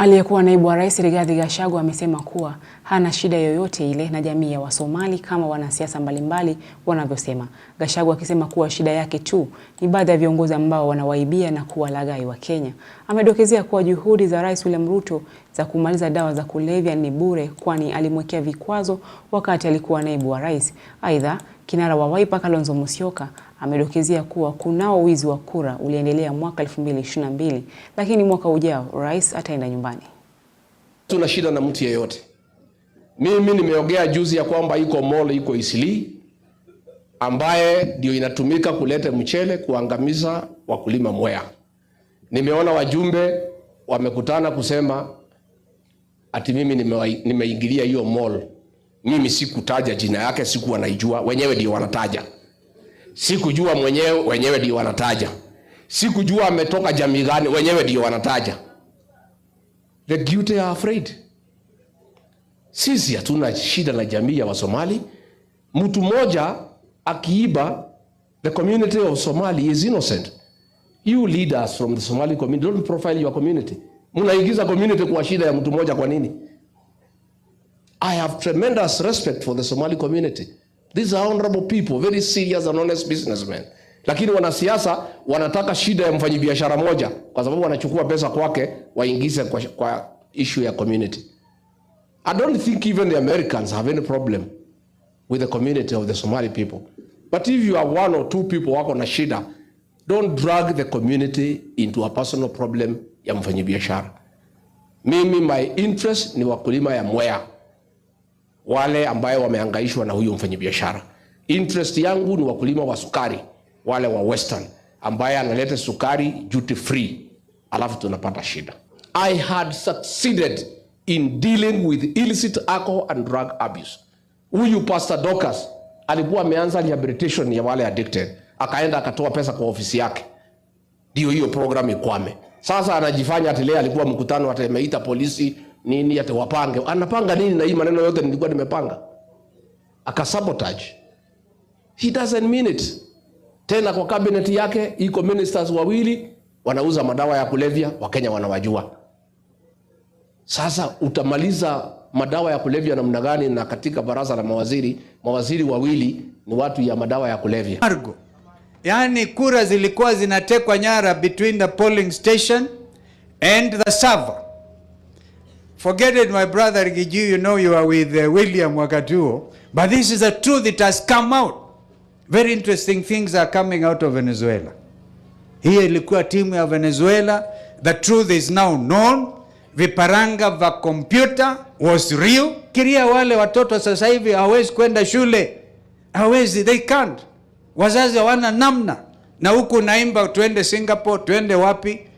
Aliyekuwa naibu wa rais Rigathi Gachagua amesema kuwa hana shida yoyote ile na jamii ya Wasomali kama wanasiasa mbalimbali wanavyosema. Gachagua akisema kuwa shida yake tu ni baadhi ya viongozi ambao wanawaibia na kuwalaghai kenya Amedokezea kuwa juhudi za Rais William Ruto za kumaliza dawa za kulevya ni bure kwani alimwekea vikwazo wakati alikuwa naibu wa rais. Aidha, kinara wa Wiper Kalonzo Musyoka amedokezea kuwa kunao wizi wa kura uliendelea mwaka 2022 lakini mwaka ujao rais ataenda nyumbani. Tuna shida na mtu yeyote. Mimi nimeongea juzi ya kwamba iko mall iko Isili ambaye ndio inatumika kuleta mchele kuangamiza wakulima Mwea. Nimeona wajumbe wamekutana kusema ati mimi nimeingilia hiyo mall. Mimi sikutaja jina yake, siku wanaijua wenyewe ndio wanataja. Sikujua mwenyewe, wenyewe ndio wanataja. Sikujua ametoka jamii gani, wenyewe ndio wanataja. The guilty are afraid. Sisi hatuna shida na jamii ya Wasomali. Mtu mmoja akiiba, the community of Somali is innocent. You leaders from the Somali community don't profile your community mnaingiza community kwa shida ya mtu mmoja kwa nini? I have tremendous respect for the Somali community. These are honorable people, very serious and honest businessmen. Lakini wanasiasa wanataka shida ya mfanyabiashara moja kwa sababu wanachukua pesa kwake waingize kwa, kwa issue ya community. I don't think even the Americans have any problem with the community of the Somali people. But if you are one or two people wako na shida Don't drag the community into a personal problem ya mfanyabiashara. Mimi my interest ni wakulima ya Mwea, wale ambayo wameangaishwa na huyo mfanyabiashara. Interest yangu ni wakulima wa sukari wale wa Western ambaye analeta sukari duty free, alafu tunapata shida. I had succeeded in dealing with illicit alcohol and drug abuse. Huyu Pastor Dorcas alikuwa ameanza rehabilitation ya wale addicted akaenda akatoa pesa kwa ofisi yake, ndio hiyo program ikwame. Sasa anajifanya ati leo alikuwa mkutano, atameita polisi nini, ati wapange anapanga nini, na hii maneno yote nilikuwa nimepanga, akasabotage. He doesn't mean it. Tena kwa cabinet yake iko ministers wawili wanauza madawa ya kulevya, Wakenya wanawajua. Sasa utamaliza madawa ya kulevya namna gani? Na katika baraza la mawaziri, mawaziri wawili ni watu ya madawa ya kulevya Argo yaani kura zilikuwa zinatekwa nyara between the polling station and the server. Forget it my brother Giju, you know you are with uh, William wakati huo, but this is a truth, it has come out. Very interesting things are coming out of Venezuela. Hiyo ilikuwa timu ya Venezuela. The truth is now known. Viparanga vya kompyuta was real. Kiria wale watoto sasa hivi hawezi kwenda shule, hawezi, they can't Wazazi hawana namna, na huku naimba, tuende Singapore, tuende wapi?